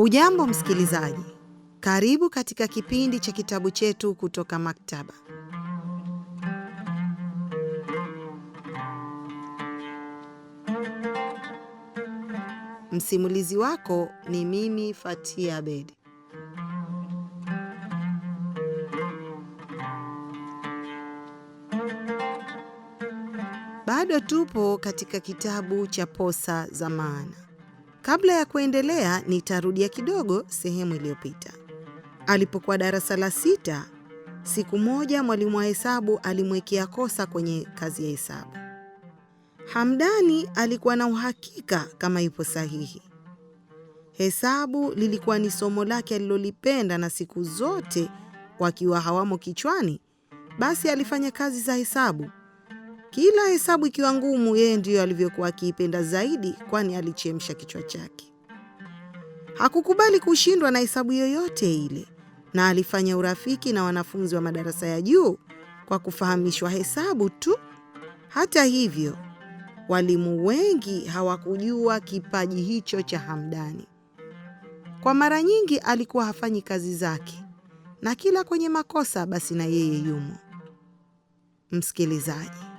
Hujambo msikilizaji, karibu katika kipindi cha kitabu chetu kutoka maktaba. Msimulizi wako ni mimi Fatia Abedi. Bado tupo katika kitabu cha Posa za Maana. Kabla ya kuendelea, nitarudia kidogo sehemu iliyopita. Alipokuwa darasa la sita, siku moja mwalimu wa hesabu alimwekea kosa kwenye kazi ya hesabu. Hamdani alikuwa na uhakika kama ipo sahihi. Hesabu lilikuwa ni somo lake alilolipenda, na siku zote wakiwa hawamo kichwani, basi alifanya kazi za hesabu kila hesabu ikiwa ngumu, yeye ndiyo alivyokuwa akiipenda zaidi, kwani alichemsha kichwa chake. Hakukubali kushindwa na hesabu yoyote ile, na alifanya urafiki na wanafunzi wa madarasa ya juu kwa kufahamishwa hesabu tu. Hata hivyo, walimu wengi hawakujua kipaji hicho cha Hamdani. Kwa mara nyingi alikuwa hafanyi kazi zake, na kila kwenye makosa basi na yeye yumo. Msikilizaji,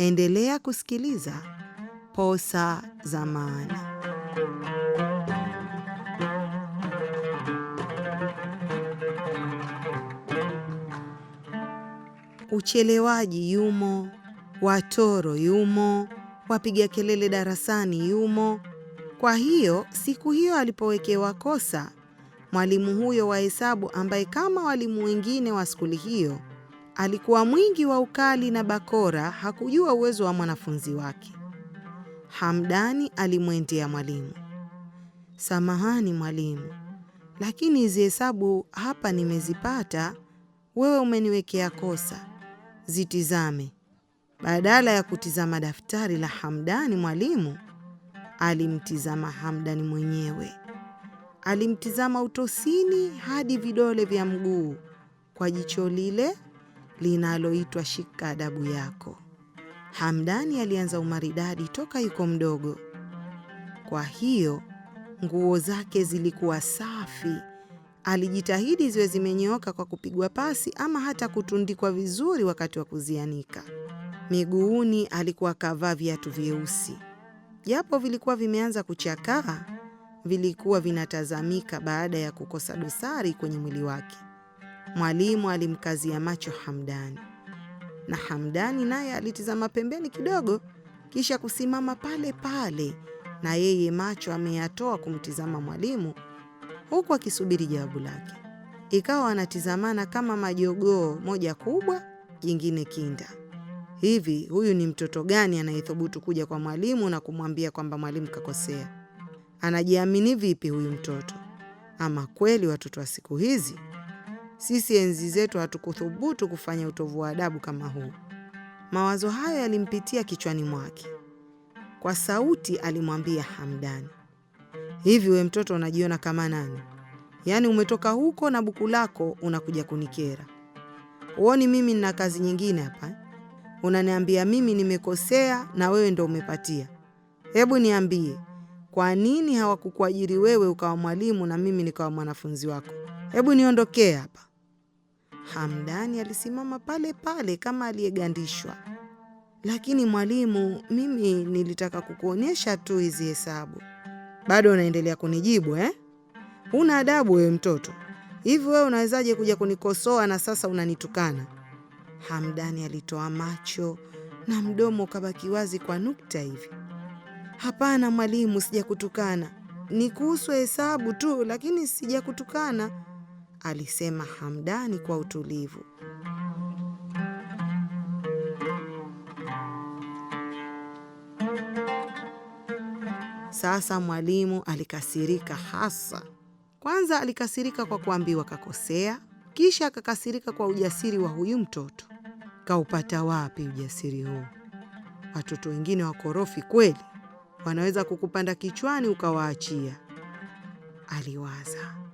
Endelea kusikiliza Posa za Maana. Uchelewaji yumo, watoro yumo, wapiga kelele darasani yumo. Kwa hiyo siku hiyo alipowekewa kosa, mwalimu huyo wa hesabu ambaye kama walimu wengine wa skuli hiyo Alikuwa mwingi wa ukali na bakora, hakujua uwezo wa mwanafunzi wake. Hamdani alimwendea mwalimu, samahani mwalimu, lakini hizi hesabu hapa nimezipata, wewe umeniwekea kosa, zitizame. Badala ya kutizama daftari la Hamdani, mwalimu alimtizama Hamdani mwenyewe. Alimtizama utosini hadi vidole vya mguu kwa jicho lile linaloitwa Shika Adabu Yako. Hamdani alianza umaridadi toka yuko mdogo, kwa hiyo nguo zake zilikuwa safi. Alijitahidi ziwe zimenyooka kwa kupigwa pasi ama hata kutundikwa vizuri wakati wa kuzianika. Miguuni alikuwa akavaa viatu vyeusi, japo vilikuwa vimeanza kuchakaa, vilikuwa vinatazamika baada ya kukosa dosari kwenye mwili wake. Mwalimu alimkazia macho Hamdani na Hamdani naye alitizama pembeni kidogo, kisha kusimama pale pale na yeye macho ameyatoa kumtizama mwalimu, huku akisubiri jawabu lake. Ikawa anatizamana kama majogoo, moja kubwa, jingine kinda. Hivi huyu ni mtoto gani anayethubutu kuja kwa mwalimu na kumwambia kwamba mwalimu kakosea? Anajiamini vipi huyu mtoto? Ama kweli watoto wa siku hizi sisi enzi zetu hatukuthubutu kufanya utovu wa adabu kama huu. Mawazo hayo yalimpitia kichwani mwake. Kwa sauti alimwambia Hamdani, hivi we mtoto unajiona kama nani? Yaani umetoka huko na buku lako unakuja kunikera? Uoni mimi nina kazi nyingine hapa? Unaniambia mimi nimekosea na wewe ndo umepatia? Hebu niambie, kwa nini hawakukuajiri wewe ukawa mwalimu na mimi nikawa mwanafunzi wako? Hebu niondokee hapa. Hamdani alisimama pale pale kama aliyegandishwa. Lakini mwalimu, mimi nilitaka kukuonyesha tu hizi hesabu. Bado unaendelea kunijibu eh? Huna adabu wewe mtoto. Hivi wewe unawezaje kuja kunikosoa na sasa unanitukana? Hamdani alitoa macho na mdomo ukabaki wazi kwa nukta hivi. Hapana mwalimu, sijakutukana. Ni kuhusu hesabu tu, lakini sijakutukana alisema Hamdani kwa utulivu. Sasa mwalimu alikasirika hasa. Kwanza alikasirika kwa kuambiwa kakosea, kisha akakasirika kwa ujasiri wa huyu mtoto. Kaupata wapi ujasiri huu? Watoto wengine wakorofi kweli wanaweza kukupanda kichwani ukawaachia, aliwaza.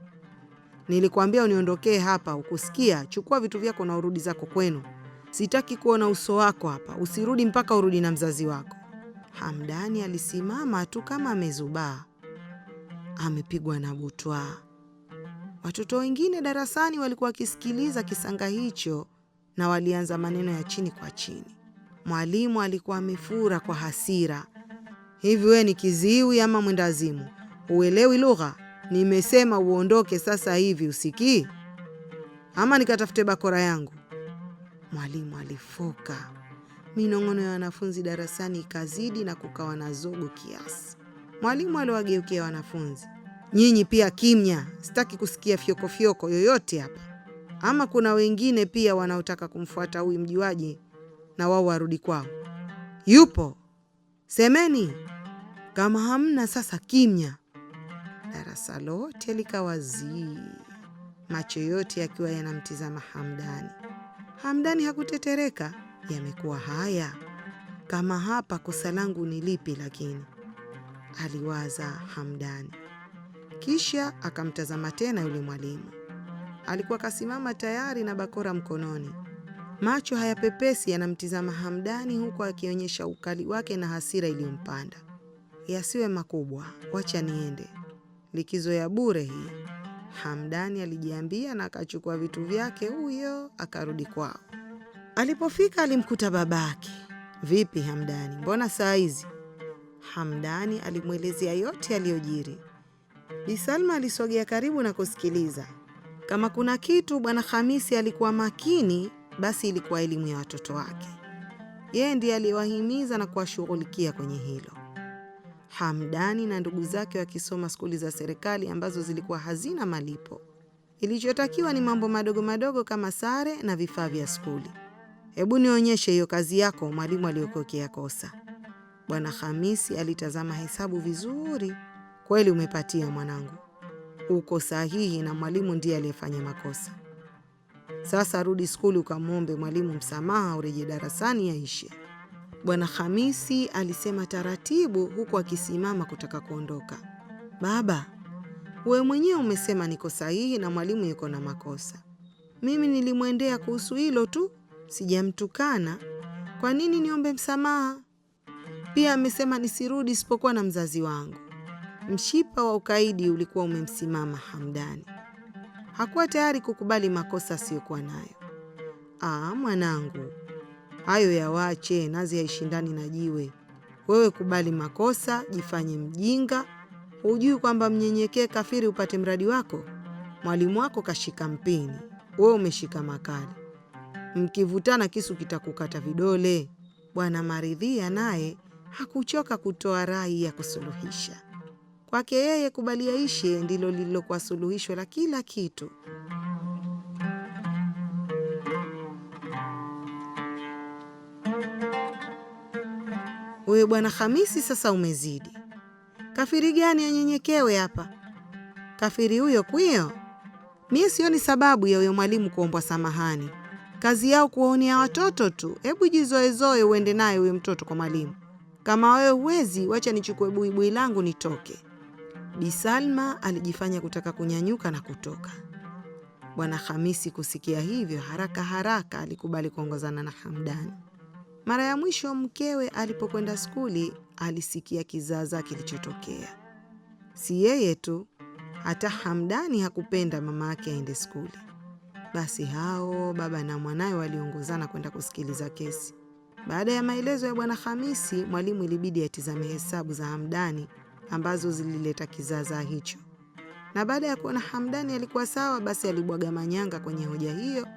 Nilikwambia uniondokee hapa, ukusikia? Chukua vitu vyako na urudi zako kwenu. Sitaki kuona uso wako hapa, usirudi mpaka urudi na mzazi wako. Hamdani alisimama tu kama amezubaa, amepigwa na butwaa. Watoto wengine darasani walikuwa wakisikiliza kisanga hicho na walianza maneno ya chini kwa chini. Mwalimu alikuwa amefura kwa hasira. Hivi wewe ni kiziwi ama mwendazimu? Huelewi lugha? Nimesema uondoke sasa hivi, usikii? Ama nikatafute bakora yangu? Mwalimu alifoka. Minong'ono ya wanafunzi darasani ikazidi na kukawa na zogo kiasi. Mwalimu aliwageukia wanafunzi, nyinyi pia kimya, sitaki kusikia fyokofyoko yoyote hapa. Ama kuna wengine pia wanaotaka kumfuata huyu mjuaji na wao warudi kwao. Yupo, semeni. Kama hamna, sasa kimya darasa lote likawa zii, macho yote yakiwa yanamtizama Hamdani. Hamdani hakutetereka, yamekuwa haya kama hapa, kosa langu ni lipi? Lakini aliwaza Hamdani, kisha akamtazama tena yule mwalimu. Alikuwa kasimama tayari na bakora mkononi, macho haya pepesi yanamtizama Hamdani, huku akionyesha ukali wake na hasira iliyompanda. Yasiwe makubwa, wacha niende. Likizo ya bure hii, Hamdani alijiambia na akachukua vitu vyake huyo akarudi kwao. Alipofika alimkuta babake. Vipi Hamdani, mbona saa hizi? Hamdani alimwelezea yote yaliyojiri. Bi Salma alisogea karibu na kusikiliza. Kama kuna kitu bwana Hamisi alikuwa makini, basi ilikuwa elimu ya watoto wake. Yeye ndiye aliwahimiza na kuwashughulikia kwenye hilo. Hamdani na ndugu zake wakisoma skuli za serikali ambazo zilikuwa hazina malipo. Ilichotakiwa ni mambo madogo madogo kama sare na vifaa vya skuli. Hebu nionyeshe hiyo kazi yako, mwalimu aliyokokea kosa Bwana Hamisi alitazama hesabu vizuri. Kweli umepatia mwanangu, uko sahihi na mwalimu ndiye aliyefanya makosa. Sasa rudi skuli ukamwombe mwalimu msamaha, ureje darasani yaishe. Bwana Hamisi alisema taratibu, huku akisimama kutaka kuondoka. Baba, we mwenyewe umesema niko sahihi na mwalimu yuko na makosa. Mimi nilimwendea kuhusu hilo tu, sijamtukana. Kwa nini niombe msamaha? Pia amesema nisirudi isipokuwa na mzazi wangu. Mshipa wa ukaidi ulikuwa umemsimama Hamdani, hakuwa tayari kukubali makosa asiyokuwa nayo. Ah, mwanangu Hayo yawache nazi haishindani na jiwe. Wewe kubali makosa, jifanye mjinga. Hujui kwamba mnyenyekee kafiri upate mradi wako? Mwalimu wako kashika mpini, wewe umeshika makali. Mkivutana kisu kitakukata vidole. Bwana Maridhia naye hakuchoka kutoa rai ya kusuluhisha. Kwake yeye kubalia ishe ndilo lililokuwa suluhisho la kila kitu. wewe bwana Hamisi, sasa umezidi. Kafiri gani anyenyekewe hapa? Kafiri huyo kwio? Mie sioni sababu ya huyo mwalimu kuombwa samahani. Kazi yao kuwaonea watoto tu. Hebu jizoezoe uende naye huyo mtoto kwa mwalimu. Kama wewe huwezi, wacha nichukue buibui langu nitoke. Bi Salma alijifanya kutaka kunyanyuka na kutoka. Bwana Hamisi kusikia hivyo, haraka haraka alikubali kuongozana na Hamdani. Mara ya mwisho mkewe alipokwenda skuli alisikia kizaza kilichotokea. Si yeye tu, hata Hamdani hakupenda mama yake aende skuli. Basi hao baba na mwanawe waliongozana kwenda kusikiliza kesi. Baada ya maelezo ya bwana Hamisi, mwalimu ilibidi atizame hesabu za Hamdani ambazo zilileta kizaza hicho, na baada ya kuona Hamdani alikuwa sawa, basi alibwaga manyanga kwenye hoja hiyo,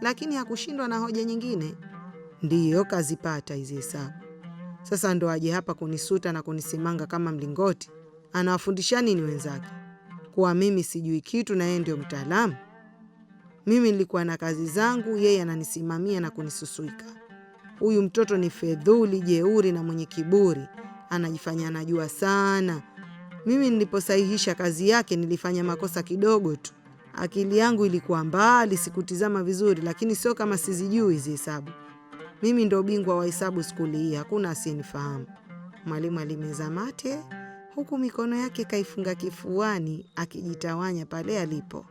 lakini hakushindwa na hoja nyingine. Ndiyo kazipata hizi hesabu. Sasa ndo aje hapa kunisuta na kunisimanga kama mlingoti? Anawafundisha nini wenzake? Kuwa mimi sijui kitu na yeye ndio mtaalamu? Mimi nilikuwa na kazi zangu, yeye ananisimamia na kunisusuika. Huyu mtoto ni fedhuli, jeuri na mwenye kiburi, anajifanya anajua sana. Mimi niliposahihisha kazi yake nilifanya makosa kidogo tu. Akili yangu ilikuwa mbali, sikutizama vizuri, lakini sio kama sizijui hizi hesabu. Mimi ndo bingwa wa hesabu skuli hii, hakuna asinifahamu. Mwalimu alimeza mate huku mikono yake kaifunga kifuani akijitawanya pale alipo,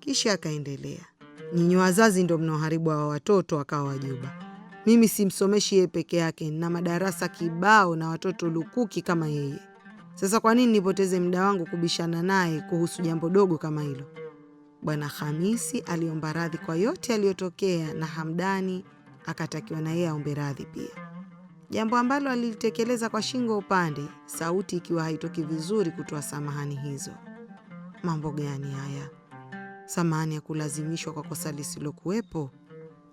kisha akaendelea, nyinyi wazazi ndo mnaoharibu hawa watoto akawa wajuba. Mimi simsomeshi yeye peke yake, na madarasa kibao na watoto lukuki kama yeye. Sasa kwa nini nipoteze muda wangu kubishana naye kuhusu jambo dogo kama hilo? Bwana Hamisi aliomba radhi kwa yote yaliyotokea na Hamdani akatakiwa na yeye aombe radhi pia, jambo ambalo alilitekeleza kwa shingo upande, sauti ikiwa haitoki vizuri kutoa samahani hizo. Mambo gani haya? Samahani ya kulazimishwa kwa kosa lisilokuwepo,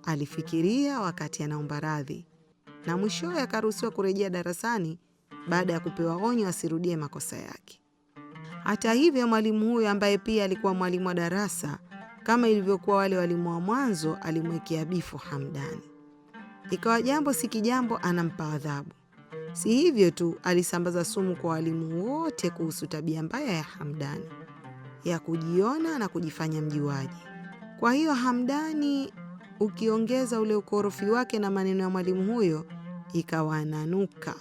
alifikiria wakati anaomba radhi, na mwishowe akaruhusiwa kurejea darasani baada ya kupewa onyo asirudie makosa yake. Hata hivyo, mwalimu huyo ambaye pia alikuwa mwalimu wa darasa, kama ilivyokuwa wale walimu wa mwanzo, alimwekea bifu Hamdani ikawa jambo si kijambo anampa adhabu. Si hivyo tu, alisambaza sumu kwa walimu wote kuhusu tabia mbaya ya Hamdani ya kujiona na kujifanya mjuaji. Kwa hiyo Hamdani, ukiongeza ule ukorofi wake na maneno ya mwalimu huyo, ikawananuka.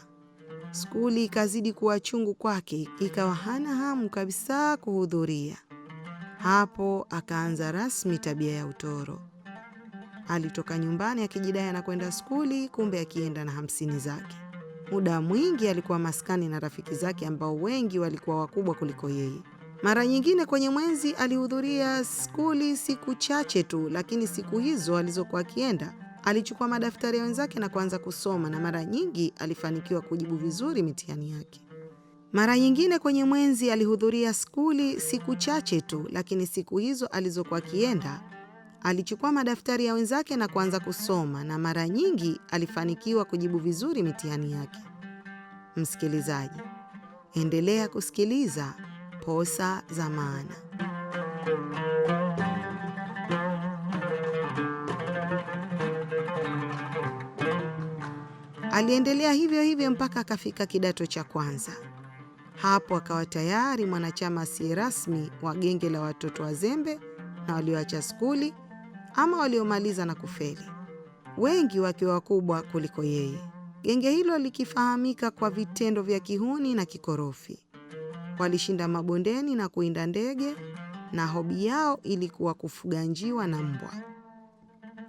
Skuli ikazidi kuwa chungu kwake, ikawa hana hamu kabisa kuhudhuria. Hapo akaanza rasmi tabia ya utoro. Alitoka nyumbani akijidai anakwenda skuli, kumbe akienda na hamsini zake. Muda mwingi alikuwa maskani na rafiki zake ambao wengi walikuwa wakubwa kuliko yeye. Mara nyingine kwenye mwezi alihudhuria skuli siku chache tu, lakini siku hizo alizokuwa akienda alichukua madaftari ya wenzake na kuanza kusoma, na mara nyingi alifanikiwa kujibu vizuri mitihani yake. Mara nyingine kwenye mwezi alihudhuria skuli siku chache tu, lakini siku hizo alizokuwa akienda alichukua madaftari ya wenzake na kuanza kusoma, na mara nyingi alifanikiwa kujibu vizuri mitihani yake. Msikilizaji, endelea kusikiliza Posa za Maana. Aliendelea hivyo hivyo mpaka akafika kidato cha kwanza. Hapo akawa tayari mwanachama asiye rasmi wa genge la watoto wazembe na walioacha skuli ama waliomaliza na kufeli, wengi wakiwa wakubwa kuliko yeye. Genge hilo likifahamika kwa vitendo vya kihuni na kikorofi. Walishinda mabondeni na kuinda ndege, na hobi yao ilikuwa kufuga njiwa na mbwa.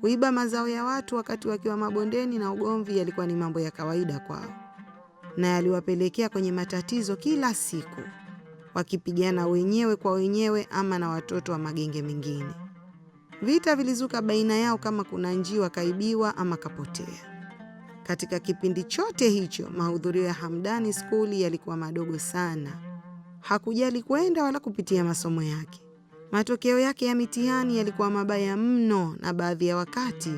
Kuiba mazao ya watu wakati wakiwa mabondeni na ugomvi yalikuwa ni mambo ya kawaida kwao, na yaliwapelekea kwenye matatizo kila siku, wakipigana wenyewe kwa wenyewe ama na watoto wa magenge mengine. Vita vilizuka baina yao kama kuna njiwa kaibiwa ama kapotea. Katika kipindi chote hicho mahudhurio ya Hamdani skuli yalikuwa madogo sana. Hakujali kwenda wala kupitia masomo yake. Matokeo yake ya mitihani yalikuwa mabaya mno, na baadhi ya wakati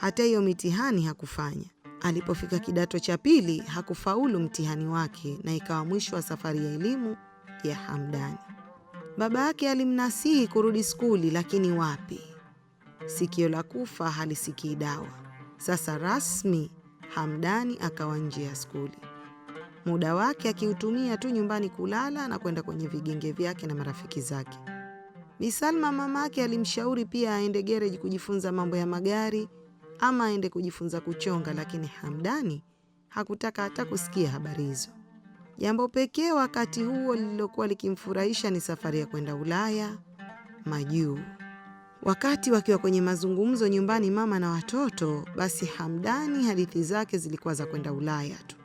hata hiyo mitihani hakufanya. Alipofika kidato cha pili hakufaulu mtihani wake, na ikawa mwisho wa safari ya elimu ya Hamdani. Baba yake alimnasihi kurudi skuli, lakini wapi sikio la kufa halisikii dawa. Sasa rasmi Hamdani akawa nje ya skuli, muda wake akiutumia tu nyumbani kulala na kwenda kwenye vigenge vyake na marafiki zake. Bi Salma mamake alimshauri pia aende gereji kujifunza mambo ya magari ama aende kujifunza kuchonga, lakini Hamdani hakutaka hata kusikia habari hizo. Jambo pekee wakati huo lililokuwa likimfurahisha ni safari ya kwenda Ulaya majuu. Wakati wakiwa kwenye mazungumzo nyumbani, mama na watoto, basi Hamdani hadithi zake zilikuwa za kwenda Ulaya tu,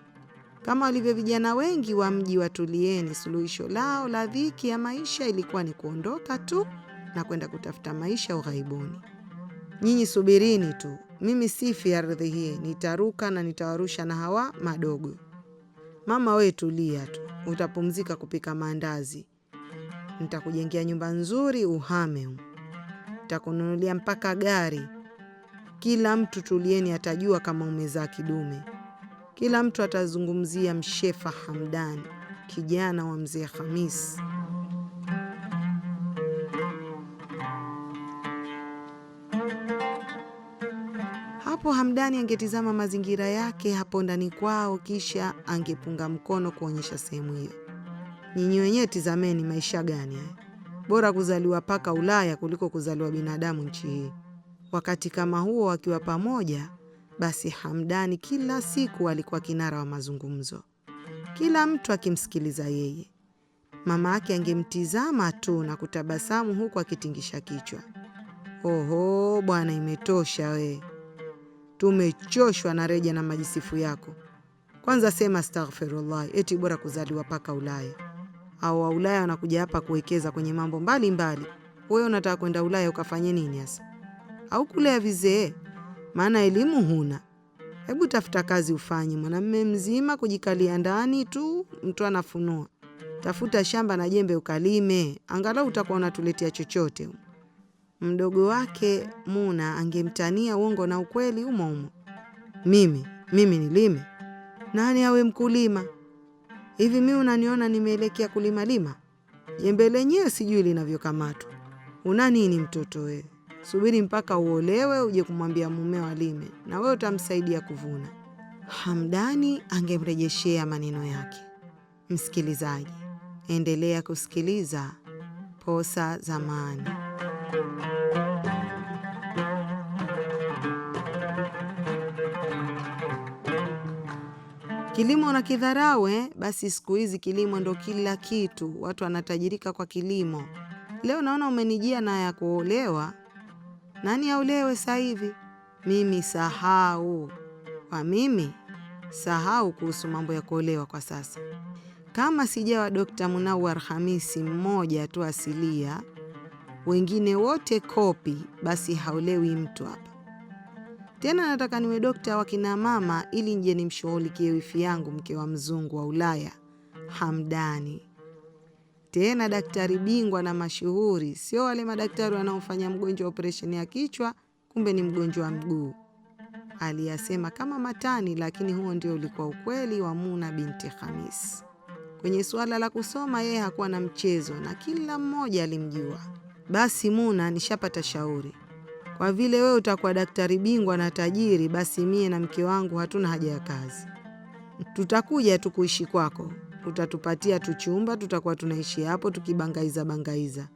kama walivyo vijana wengi wa mji wa Tulieni. Suluhisho lao la dhiki ya maisha ilikuwa ni kuondoka tu na kwenda kutafuta maisha ughaibuni. Nyinyi subirini tu, mimi sifi ardhi hii, nitaruka na nitawarusha na hawa madogo. Mama we tulia tu, utapumzika kupika maandazi, nitakujengea nyumba nzuri uhame nitakununulia mpaka gari. Kila mtu tulieni, atajua kama umezaa kidume. Kila mtu atazungumzia Mshefa Hamdani, kijana wa mzee hamis Hapo Hamdani angetizama mazingira yake hapo ndani kwao, kisha angepunga mkono kuonyesha sehemu hiyo. Nyinyi wenyewe tizameni maisha gani haya. Bora kuzaliwa paka Ulaya kuliko kuzaliwa binadamu nchi hii. Wakati kama huo wakiwa pamoja, basi Hamdani kila siku alikuwa kinara wa mazungumzo, kila mtu akimsikiliza yeye. Mama yake angemtizama tu na kutabasamu huku akitingisha kichwa. Oho bwana, imetosha we, tumechoshwa na reja na majisifu yako. Kwanza sema astaghfirullah, eti bora kuzaliwa paka Ulaya au wa Ulaya wanakuja hapa kuwekeza kwenye mambo mbalimbali. Wewe unataka kwenda Ulaya ukafanye nini hasa? Au kulea vizee? Maana elimu huna. Hebu tafuta kazi ufanye, mwanamme mzima kujikalia ndani tu, mtu anafunua. Tafuta shamba na jembe ukalime, angalau utakuwa unatuletea chochote. Mdogo wake Muna angemtania uongo na ukweli umo umo. Mimi mimi nilime? Nani awe mkulima? Hivi mi unaniona nimeelekea kulimalima? Jembe lenyewe sijui linavyokamatwa. Una nini mtoto wewe? Subiri mpaka uolewe uje kumwambia mumeo alime, na wewe utamsaidia kuvuna. Hamdani angemrejeshea maneno yake. Msikilizaji, endelea kusikiliza Posa zamani Kilimo na kidharau eh? Basi siku hizi kilimo ndo kila kitu, watu wanatajirika kwa kilimo. Leo naona umenijia na ya kuolewa. Nani aolewe sasa hivi? Mimi sahau kwa mimi sahau kuhusu mambo ya kuolewa kwa sasa, kama sijawa Dokta Munawar Hamisi mmoja tu asilia, wengine wote kopi, basi haolewi mtu hapa. Tena nataka niwe dokta wa kina mama ili nje nimshughulikie wifi yangu mke wa mzungu wa Ulaya Hamdani. Tena daktari bingwa na mashuhuri, sio wale madaktari wanaofanya mgonjwa operesheni ya kichwa, kumbe ni mgonjwa wa mguu. Aliyasema kama matani, lakini huo ndio ulikuwa ukweli wa Muna binti Khamis. Kwenye suala la kusoma yeye hakuwa na mchezo na kila mmoja alimjua. Basi Muna, nishapata shauri kwa vile wewe utakuwa daktari bingwa na tajiri, basi mie na mke wangu hatuna haja ya kazi, tutakuja tu kuishi kwako, utatupatia tu chumba, tutakuwa tunaishi hapo tukibangaiza bangaiza.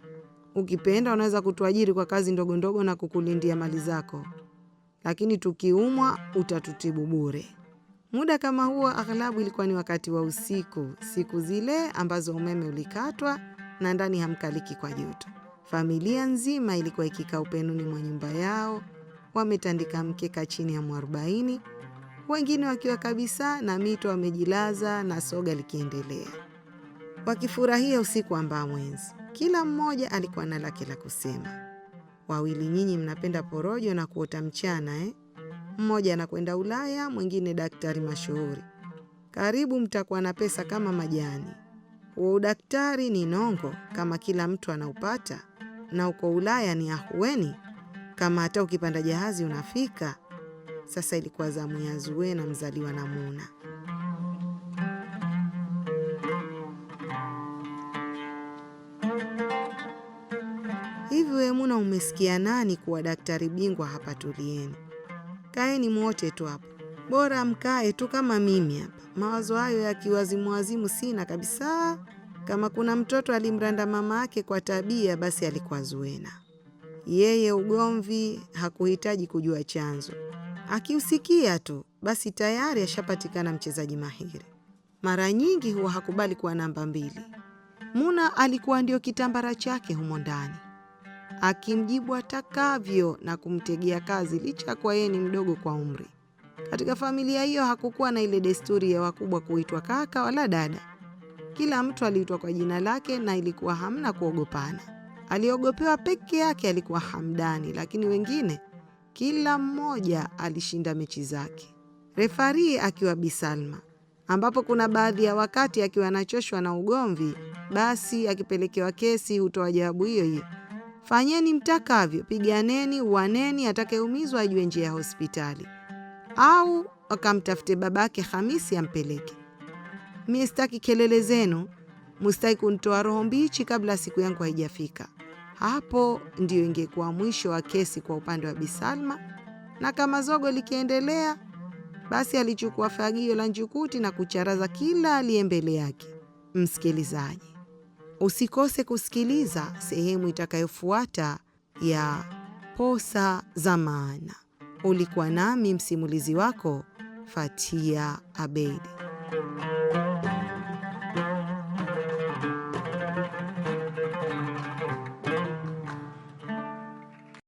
Ukipenda unaweza kutuajiri kwa kazi ndogo ndogo na kukulindia mali zako, lakini tukiumwa utatutibu bure. Muda kama huo aghlabu ilikuwa ni wakati wa usiku, siku zile ambazo umeme ulikatwa na ndani hamkaliki kwa joto. Familia nzima ilikuwa ikikaa upenuni mwa nyumba yao, wametandika mkeka chini ya mwarobaini, wengine wakiwa kabisa na mito wamejilaza na soga likiendelea, wakifurahia usiku ambao mwenzi. Kila mmoja alikuwa na lake la kusema. Wawili nyinyi mnapenda porojo na kuota mchana eh? Mmoja anakwenda Ulaya, mwingine daktari mashuhuri. Karibu mtakuwa na pesa kama majani. Huo udaktari ni nongo, kama kila mtu anaupata na uko Ulaya ni ahueni, kama hata ukipanda jahazi unafika. Sasa ilikuwa zamu ya Zuwe na mzaliwa na Muna. Hivi we Muna, umesikia nani kuwa daktari bingwa hapa Tulieni? Kaeni mwote tu hapo, bora mkae tu kama mimi hapa, mawazo hayo yakiwazimuwazimu sina kabisa. Kama kuna mtoto alimranda mama yake kwa tabia, basi alikuwa Zuena. Yeye ugomvi hakuhitaji kujua chanzo, akiusikia tu basi tayari ashapatikana mchezaji mahiri. Mara nyingi huwa hakubali kuwa namba mbili. Muna alikuwa ndio kitambara chake humo ndani, akimjibu atakavyo na kumtegea kazi, licha kwa yeye ni mdogo kwa umri. Katika familia hiyo hakukuwa na ile desturi ya wakubwa kuitwa kaka wala dada. Kila mtu aliitwa kwa jina lake na ilikuwa hamna kuogopana. Aliogopewa peke yake alikuwa Hamdani, lakini wengine, kila mmoja alishinda mechi zake, refari akiwa Bisalma, ambapo kuna baadhi ya wakati akiwa anachoshwa na ugomvi, basi akipelekewa kesi hutoa jawabu hiyo hiyo: fanyeni mtakavyo, piganeni, uaneni, atakayeumizwa ajue njia ya hospitali, au akamtafute babake Hamisi ampeleke. Mimi sitaki kelele zenu, mustaki kunitoa roho mbichi kabla siku yangu haijafika. Hapo ndiyo ingekuwa mwisho wa kesi kwa upande wa Bisalma, na kama zogo likiendelea, basi alichukua fagio la njukuti na kucharaza kila aliye mbele yake. Msikilizaji, usikose kusikiliza sehemu itakayofuata ya Posa za Maana. Ulikuwa nami msimulizi wako Fatia Abedi.